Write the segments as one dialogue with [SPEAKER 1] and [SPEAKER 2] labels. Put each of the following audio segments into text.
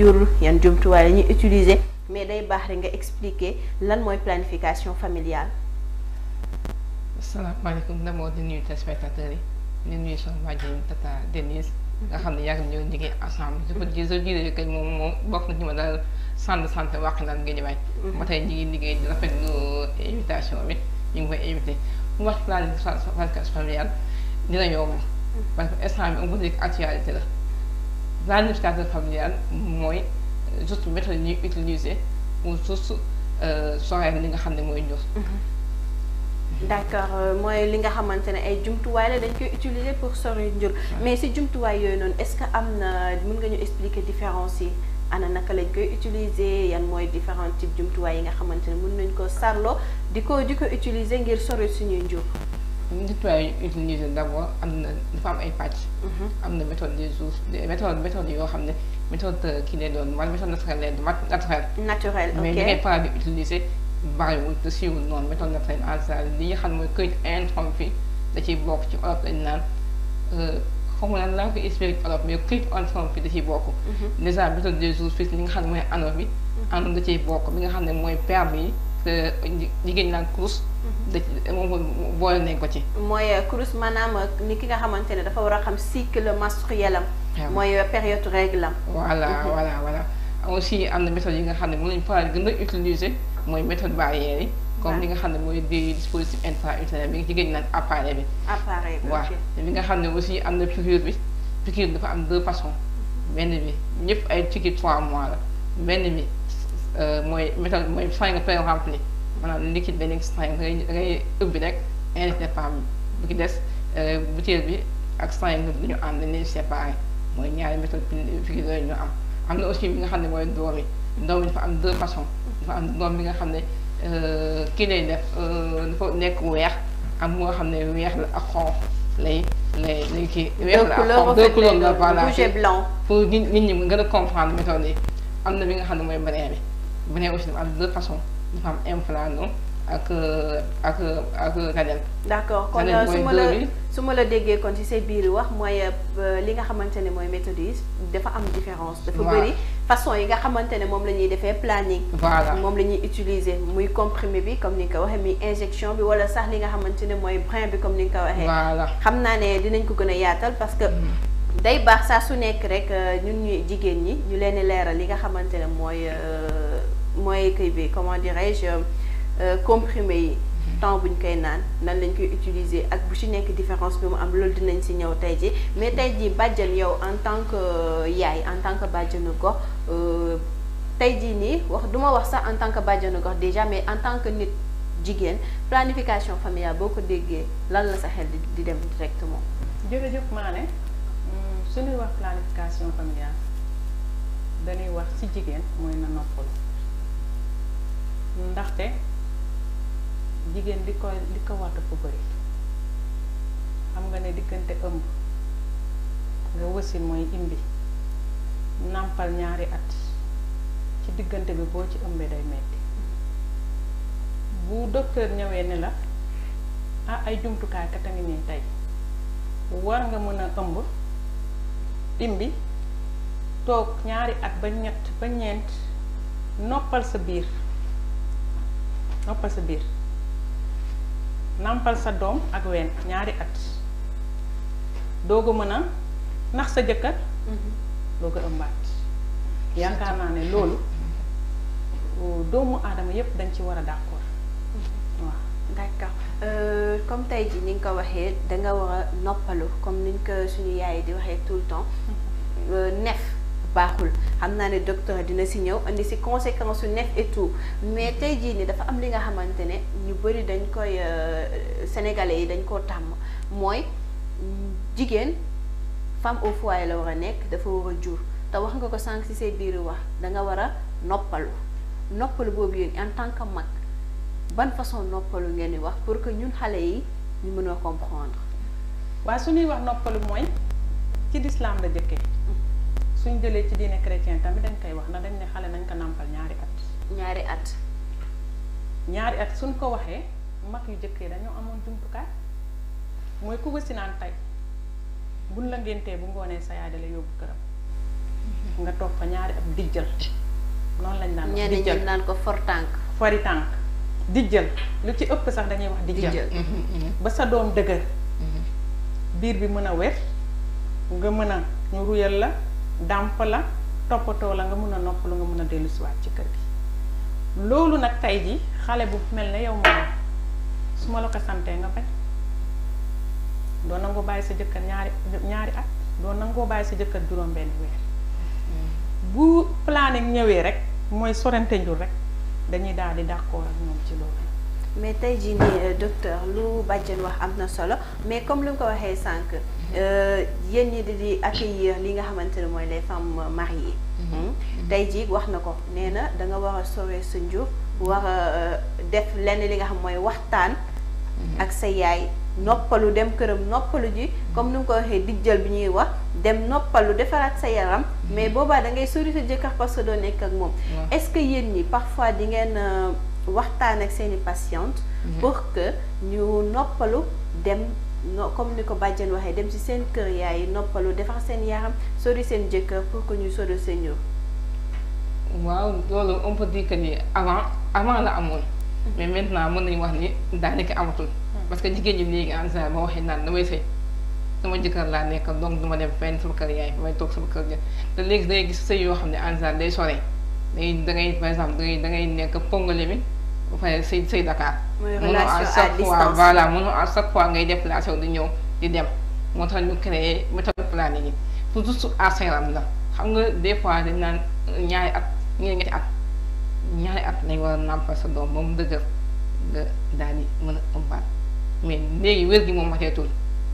[SPEAKER 1] jur yan jumtuwaay la ñuy mais day baax rek nga expliquer lan mooy planification
[SPEAKER 2] familiale. asalaamaaleykum d'abord di nuyu téléspectateurs yi di nuy son bàjjen Tata nga xam ne yàgg ñoo liggéey ensemble. je peux dire je dirais que moom moo bokk na ci ma daal centre santé wàq naan géej waay. Mhm. ba tey ñu ngi liggéey di rafetlu invitation bi ñu ngi koy invité mu wax planification familiale dina yomb. Mhm. parce que instant bi actualité la. planification familiale mooy juste méthode ñuy utiliser pour juste soreel li nga xam ne mooy njur.
[SPEAKER 1] d'accord mooy li nga xamante ne ay jumtuwaay la dañ koy utiliser pour sori njur. mais si jumtuwaay yooyu noonu est-ce que am na mun nga ñu expliquer différence yi ana naka lañ koy utiliser yan mooy différents types jumtuwaay yi nga xamante ne mën nañ koo sarloo
[SPEAKER 2] di ko di ko utiliser ngir sori suñuy njur. nettoyage ñu utilisé d' abord am na dafa am ay pàcc. Mhm. am na méthode des jours méthode méthode yoo xam ne méthode kii lay doon wala méthode naturelle lay doon naturelle. naturelle ok mais li ngay parents bi utilisé bariwul te siiwul noonu méthode naturelle en général li nga xam mooy këyit intrompe fi da ciy bokk ci olof lañ naan euh, xaw ma naan laa koy expliqué olof mais këyit intrompe fi da ciy bokk. Mhm. dèjà méthode des jours fii li nga xam ne mooy ano bi. Mhm. ano da ciy bokk bi nga xam ne mooy permis yi euh, jigéen ñi naan course. Mm-hmm. da boole nañ ko ci. mooy kurus maanaam ni ki nga xamante ne dafa war a xam cycle menstruel am. Ah mooy période règle am. voilà mm-hmm. voilà voilà aussi am na méthode yi nga xam ne moom lañu faral gën a utiliser mooy méthode barrière yi. comme ah. li nga xam ne mooy di dispositif intra-utérin bi nga jigéen ñi naan appareil bi. appareil bi waaw li nga xam ne aussi am na piqûre bi piqûre dafa am deux façons. Mm-hmm. benn bi ñëpp ay piqûre trois mois la benn bi euh, mooy méthode mooy fay nga maanaam liquide benn extraint da ngay da ngay ubbi rek indépendant bu ki des euh, butéel bi ak strain bi ñu ànd dañ leen séparé mooy ñaari méthode fii yooyu ñu am am na aussi bi nga xam ne mooy doom yi doom yi dafa am deux façons dafa am doom bi nga xam ne euh, kii lay def euh, dafa nekk weex am moo xam ne weex la ak xonq lay lay lay kii weex la ak xonq deux la voilà gën a comprendre méthode am na bi nga xam ne mooy beneen bi beneen aussi dafa am deux façons dafa am inflation ak ak ak kanel d'accord kon euh, su ma la su ma la déggee kon ci
[SPEAKER 1] say biir wax mooy euh, li nga xamante ne mooy méthode dafa am différence dafa bëri façon yi nga xamante ne moom la ñuy defee planning voilà moom la ñuy utiliser muy comprimer bi comme ni nga ko waxee muy injection bi wala sax li nga xamante ne mooy brin bi comme ni nga ko waxee voilà xam naa ne dinañ ko gën a yaatal parce que mm-hmm. day baax saa su nekk rek euh, ñun ñu jigéen ñi ñu leen leeral li nga xamante ne mooy mooy kay bi comment dirais-je euh, comprimé yi mhm. temps bu ñu koy naan nan lañ koy utiliser ak bu si nekk différence bi mu am loolu dinañ si ñëw tey ji mais tey ji bàjjan yow en tant que euh, yaay en tant que bàjjanu gox euh, tey jii nii wax du ma wax sax en tant que bàjjanu gox déjà mais en tant que nit jigéen planification familiale boo ko déggee lan la sa xel di dem directement.
[SPEAKER 3] jërëjëf maa ne hmm, suñuy wax planification familiale dañuy wax ci jigéen mooy na noppalu. ndaxte jigéen li ko li ko war dafa bëri xam nga ne diggante ëmb nga wasin mooy imbi nàmpal ñaari at ci diggante bi boo ci ëmbee day metti bu docteur ñëwee ne la ah ay jumtukaay kat a ngi nii tey war nga mën a ëmb imbi toog ñaari at ba ñett ba ñeent noppal sa biir noppal sa biir nàmpal sa doom ak wenn ñaari at doo ko mën a nax sa jëkkër mm-hmm. doog a ëmbaat yaakaar naa ne loolu doomu aadama yépp dañ ci war a d'accord
[SPEAKER 1] mm-hmm. waaw d'accord euh, comme tey ji ni nga ko waxee danga war a noppalu comme niñ ko suñu yaay di waxee tout le temps mm-hmm. euh, nef baaxul xam naa ne docteur dina si ñëw indi si conséquences yu nekk et tout mais tey jii ni dafa am li nga xamante ne ñu bëri dañ koy euh, sénégalais yi dañ koo tàmm mooy jigéen femme au foyer la war a nekk dafa war a jur te wax nga ko sànq si say biir wax da nga war a noppalu noppalu boobu yéen en tant que mag ban façon noppalu ngeen ni wax pour que ñun xale yi ñu mën a comprendre.
[SPEAKER 3] waa su ñuy wax noppalu mooy ci lislaam la jëkke suñ jëlee ci diine chrétien tamit dañ koy wax na dañ ne xale nañ ko nàmpal ñaari at. ñaari at. ñaari at suñ ko waxee mag yu jëkkee dañoo amoon jumtukaay mooy ku wësi naan tey buñ la ngéntee bu ngoonee sa yaay dala yóbbu këram. Mm-hmm. nga toog fa ñaari at dijjal. noonu lañ naan wax dijjal ko for fori tànk dijjal lu ci ëpp sax dañuy wax. dijjal
[SPEAKER 2] mm-hmm.
[SPEAKER 3] ba sa doom dëgër.
[SPEAKER 2] Mm-hmm.
[SPEAKER 3] biir bi mën a wér nga mën a ñu ruyal la. dàmp la toppatoo la nga mun a noppalu nga mun a dellusiwaat ci kër gi loolu nag tey ji xale bu mel ne yow moom su ma la ko santee nga bañ doo nangoo bàyyi sa jëkkër ñaari ñaari at doo nangoo bàyyi sa jëkkër juróom-benn weer bu planning ñëwee rek mooy sorante njur rek dañuy daal di d'accord ak ñoom ci loolu.
[SPEAKER 1] mais tey jii nii euh, docteur lu bàjjen wax am na solo mais comme lu nga ko waxee sànq euh, yéen ñi di di accueillir li nga xamante ne mooy les femmes mariées. Mm-hmm. Hmm? Mm-hmm. tey ji wax na ko nee na da nga war a sauver sa njur war a euh, def lenn li nga xam mooy waxtaan. Mm-hmm. ak sa yaay noppalu dem këram noppalu ji comme ni mu ko waxee dijjal bi ñuy wax dem noppalu defaraat sa yaram mais boobaa da ngay sori sa jëkkër parce que doo nekk ak moom. est-ce que yéen ñi parfois di ngeen. waxtaan ak seen i patiente mhm. pour que ñu noppalu dem comme ni ko bàjjen waxee dem ci seen kër yaay yi noppalu defar seen yaram sori seen jëkkër pour que ñu sori seen ñoom.
[SPEAKER 2] waaw loolu on peut dire que avant avant la amoon. Mhm. mais maintenant mën nañu wax ni daanaka amatul. Mhm. parce que jigéen ñi léegi en général ma waxee naan damay sëy sama jëkkër laa nekkal donc duma dem fenn sama kër yaay may toog sama kër ja te léegi day gis sëy yoo xam ne en général day sore day dangay par exemple dangay dangay nekk pongole mi. ba pare sëy sëy Dakar. a relation à distance voilà mënoo à chaque fois ngay déplacé wu di ñëw di dem moo tax ñu créé méthode planning laa pour juste à saint la xam nga des fois dañ naan ñaari at ñeenti at ñaari at lañ war a nàmpal sa doom ba mu dëgër nga daal di mën a ëmbaat mais léegi wér gi moom mateetul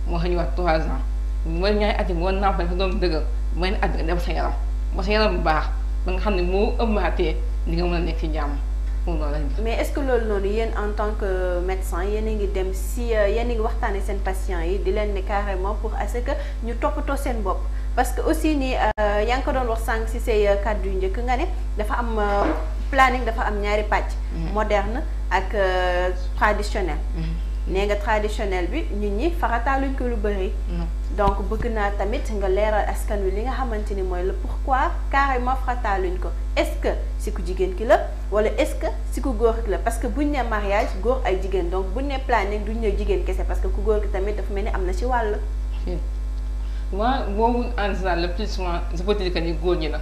[SPEAKER 2] moo tax ñu wax trois ans mooy ñaari at yi war a nàmpal sa doom dëgër benn at nga sa yaram ba sa yaram bu baax ba nga xam ne moo ëmbaatee li nga mën a nekk ci jàmm. mais est-ce que loolu noonu yéen en tant
[SPEAKER 1] que médecin yéen a ngi dem si euh, yéen a ngi waxtaanee seen patients yi di leen ne carrément pour assez que ñu toppatoo seen bopp parce que aussi nii euh, yaa ngi ko doon wax sànq si say euh, kàddu yu njëkk nga ne dafa am planning dafa am ñaari pàcc. Mm-hmm. moderne ak traditionnel. Mm-hmm. nee nga traditionnel bi nit ñi farataaluñ ko lu bëri. donc bëgg naa tamit nga leeral askan wi li nga xamante ni mooy la pourquoi carrément farataaluñ ko est-ce que si ku jigéen ki la wala est-ce que si ku góor ki la parce que buñ ne mariage góor ay jigéen donc buñ ne planning duñ ne jigéen kese parce que ku góor ki tamit dafa mel ni am na ci wàll.
[SPEAKER 2] waaw boobu en général le plus souvent je peux dire que ni góor ñi la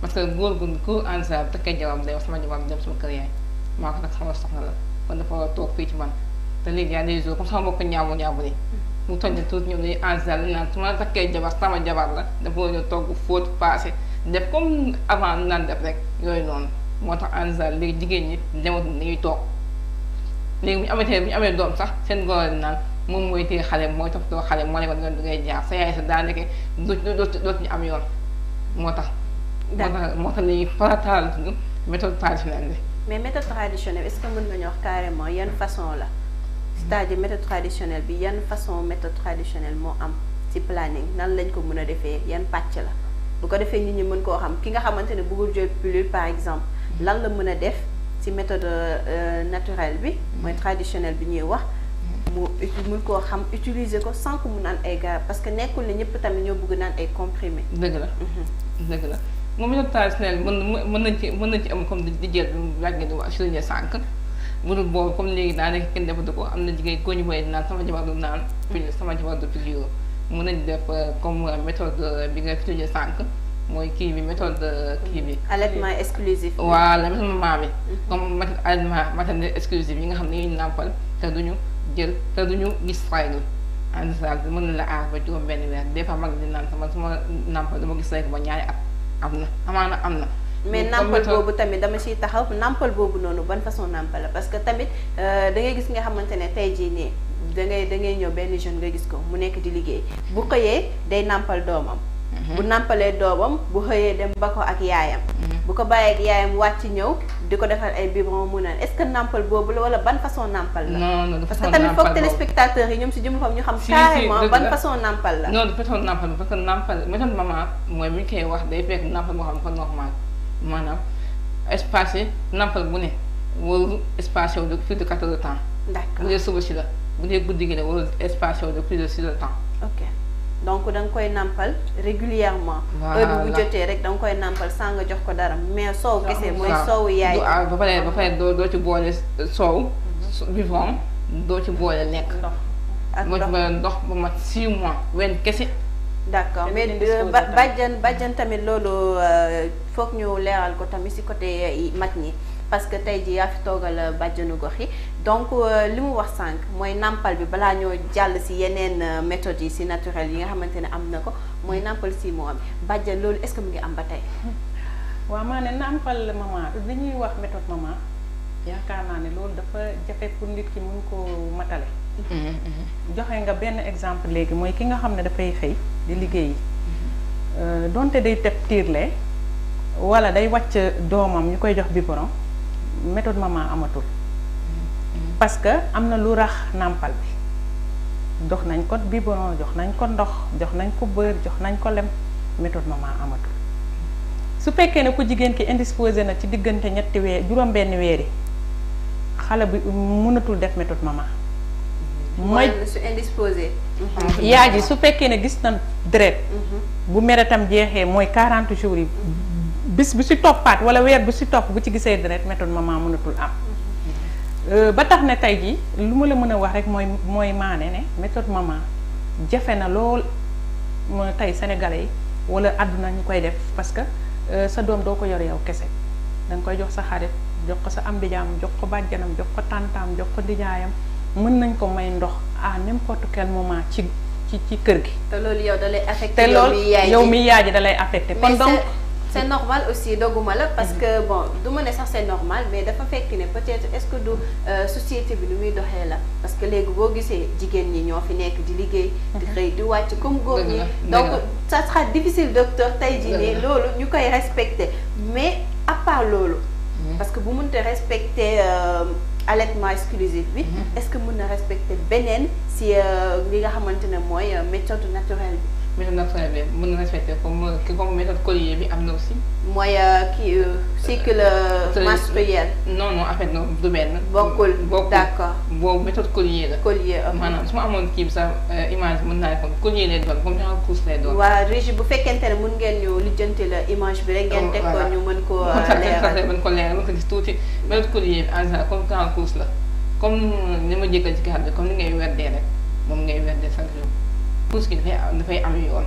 [SPEAKER 2] parce que góor gu góor en général bu takkee jabaram day wax a toog fii ci man. te léegi y a des jours comme sama mbokk ñaabu ñaabu nii mu toj la tuuti ñoom dañuy engal ah, naan su ma la takkee jabar sama jabar la dafa war a togg fóot passé def comme avant naan def rek yooyu noonu moo tax engal ah, léegi jigéen ñi dematul dañuy toog léegi bu ñu amatee bu ñu amee doom sax seen goro naan moom mooy téye xale mooy toppatoo xale moo nekkoon yoon bi ngay jaar sa yaay sa daanaka dootu dootu dootuñu am yoon moo tax. d'accord moo tax moo tax dañuy farataal méthode traditionnelle bi.
[SPEAKER 1] mais méthode ñu wax carrément yan façon la. c'est-à-dire méthode traditionnelle bi yan façon méthode traditionnelle moo am ci planning nan lañ ko mën a defee yan pàcc la bu ko defee nit ñu mën koo xam ki nga xamante ne bëggul jël pilule par exemple lan la mën a def ci méthode euh, naturelle bi mooy traditionnelle bi ñuy wax mu mun koo xam utiliser ko sans mu naan ay garab parce que nekkul ne ñëpp tamit
[SPEAKER 2] ñoo bëgg naan ay comprimé dëgg la mhm. dëgg la moom méthode traditionnelle mën mën nañ ci mën nañ ci am comme di jël laaj nga di sànq budul boobu comme léegi daanaka kenn defatu ko am na jigéen koo ñu booyee naan sama jabar du naan pilule mm. sama jabar du pilule mun nañ def euh, comme euh, méthode euh, bi nga tuddee sànq mooy kii bi méthode kii bi. Mm. allaitement
[SPEAKER 1] exclusif. waaw la méthode bi.
[SPEAKER 2] Mm-hmm. comme méthode allaitement maternelle exclusif yi nga xam ne dañuy nàmpal te duñu jël te duñu gis règle en mën na la aar ba juróom benn weer des fois mag di naan sama suma nàmpal dama gis règle ba ñaari at am na amaana am na.
[SPEAKER 1] mais nàmpal boobu tamit dama ciy taxaw nàmpal boobu noonu ban façon nàmpal la parce que tamit euh, da ngay gis nga xamante ne tey jii nii da ngay da ngay ñëw benn jeune nga gis ko mu nekk di liggéey bu xëyee day nàmpal doomam. Mhm. bu nàmpalee doomam bu xëyee dem ba ko ak yaayam. Mhm. bu ko bàyyee ak yaayam wàcc ñëw di ko defal ay biberon mu naan est-ce que nàmpal boobu la wala ban façon nàmpal la. parce que tamit foog téléspectateurs yi ñoom si jëm xam ñu xam. carrément ban façon
[SPEAKER 2] nàmpal la. non de façon nàmpal parce que nàmpal méthode maman wax day fekk nàmpal moo ko normal maanaam espacé nampal bu ne warul espacé de plus de quatre temps. ndax bu dee suba si la bu ne guddi gi la warul espacé de plus de six heures de temps.
[SPEAKER 3] ok
[SPEAKER 1] donc da nga koy nampal régulièrement heure bu jotee rek da nga koy nampal sans nga jox ko
[SPEAKER 2] dara mais soow kese mooy soowu yaay. Ah, ba pare ba pare doo doo ci boole soow. Mhm. biberon doo ci boole lekk. ak ndox doo ci boole ndox ba mat six mois wenn kese. d' accord mais bàjjan
[SPEAKER 1] bàjjan tamit loolu euh, foog ñu leeral ko tamit si côté euh, mag ñi parce que tey ji yaa fi toogal euh, bàjjanu gox yi donc li mu wax sànq mooy nàmpal bi balaa ñoo jàll si yeneen méthodes yi si naturel yi nga xamante ne am na ko
[SPEAKER 3] mooy nàmpal si moo bàjjan loolu est ce que mu ngi am ba tey. waa maa ne nàmpal maman li ñuy wax méthode maman. yaakaar naa ne loolu dafa jafe pour nit ki mun ko matale mm-hmm. joxe nga benn exemple léegi mooy ki nga xam ne dafay xëy di liggéey liggéeyi mm-hmm. euh, donte day teb tiirle wala day wàcc doomam ñu koy jox biberon méthode maman amatul mm-hmm. parce que am na lu rax nàmpal bi jox nañ ko biberon jox nañ ko ndox jox nañ ko bër jox nañ ko lem méthode maman amatul su fekkee ne ku jigéen ki indisposé na ci diggante ñetti weer juróom benn weer yi xale bi mënatul def méthode mama mooy mm-hmm.
[SPEAKER 1] su mm-hmm. yaa ji su
[SPEAKER 3] fekkee ne gis na deret mm-hmm. bu meretam jeexee mooy quarante jours yi. bis bu si toppaat wala weer bu si topp bu ci gisee deret méthode mama mënatul am. Euh, ba tax ne tey jii lu ma la mën a wax rek mooy mooy maane ne méthode mama jafe na lool tey sénégalais yi wala àdduna ñu koy def parce que euh, sa doom doo ko yor yow kese da koy jox sa xarit. jox ko sa am di jaam jox ko bàjjanam jox ko tàntaam jox ko ndijaayam mën nañ ko may ndox à n'importe quel moment ci ci ci kër gi.
[SPEAKER 1] te loolu yow da lay affecté. te loolu yow mi yaay
[SPEAKER 3] ji da lay affecté. kon donc
[SPEAKER 1] c'est normal aussi dogguma la parce mm-hmm. que bon du ma ne sax c'est normal mais dafa fekk ne peut-être est-ce que du euh, société bi nu muy doxee la parce que léegi boo gisee jigéen ñi ñoo fi nekk di liggéey di mm-hmm. xëy di wàcc comme góor ñi donc ça sera difficile docteur tey jii nii loolu ñu koy respecter mais à parce que bu respecté respecter euh, allaitement exclusif bi. Mhm. est-ce que mën na respecter beneen si euh, li nga xamante ne mooy euh, méthode
[SPEAKER 2] naturelle bi. méthode naturelle bi mën na respecté comme comme méthode collier bi am na aussi. mooy kii euh, cycle menstruel. non non en fait non du na bokkul d' accord boobu méthode collier la. collier maanaam su ma amoon kii bi sax euh, image mën naa ko collier lay doon comme genre course lay doon. waaw Régis bu fekkente ne
[SPEAKER 1] mën ngeen ñu lijjanti la image bi rek.
[SPEAKER 2] ngeen teg ko ñu mën ko leeral mën ko leeral mën ko gis tuuti méthode collier bi en général comme genre la comme ni ma jégal ci kàddu comme ni ngay werdee rek moom ngay werdee chaque jour. course gi dafay am dafay am yoon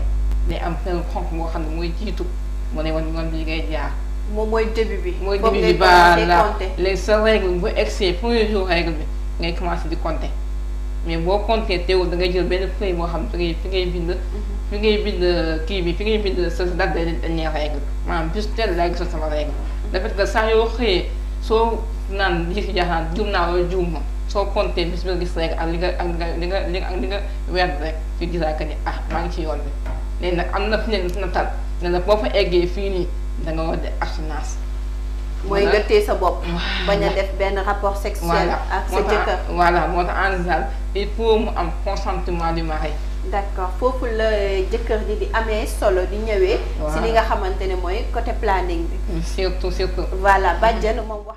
[SPEAKER 2] day am fenn xonq boo xam ne mooy jiitu mu ne woon yoon bi ngay jaar.
[SPEAKER 1] moom mooy début bi. mooy début bi baax
[SPEAKER 2] la sa règle bu excès premier jour règle bi ngay commencé di compter mais boo compter teewul da ngay jël benn feuille boo xam fi ngay fi ngay bind. Mhm. fi ngay bind euh, kii bi fi ngay bind sa date de dernière règle maanaam bis teel laa gisoon sama règle. Mhm. dafa te saa yoo xëyee soo naan lii fi jaaxaan juum naa wala juum moom. soo compté bis ba gis rek ak li nga ak li rek fi gisaa que ni ah maa ngi ci yoon bi léegi nag am na fi ne natal ne la boo fa eggee fii nii da nga war de assurance. mooy nga sa bopp. ba a def benn rapport sexuel. ak ah, sa jëkkër voilà moo tax en général mu am consentement du mari. d' foofu
[SPEAKER 1] la eh, jëkkër ji di amee solo di ñëwee. si li nga xamante ne mooy côté planning bi. surtout surtout. voilà bàjjen moom wax.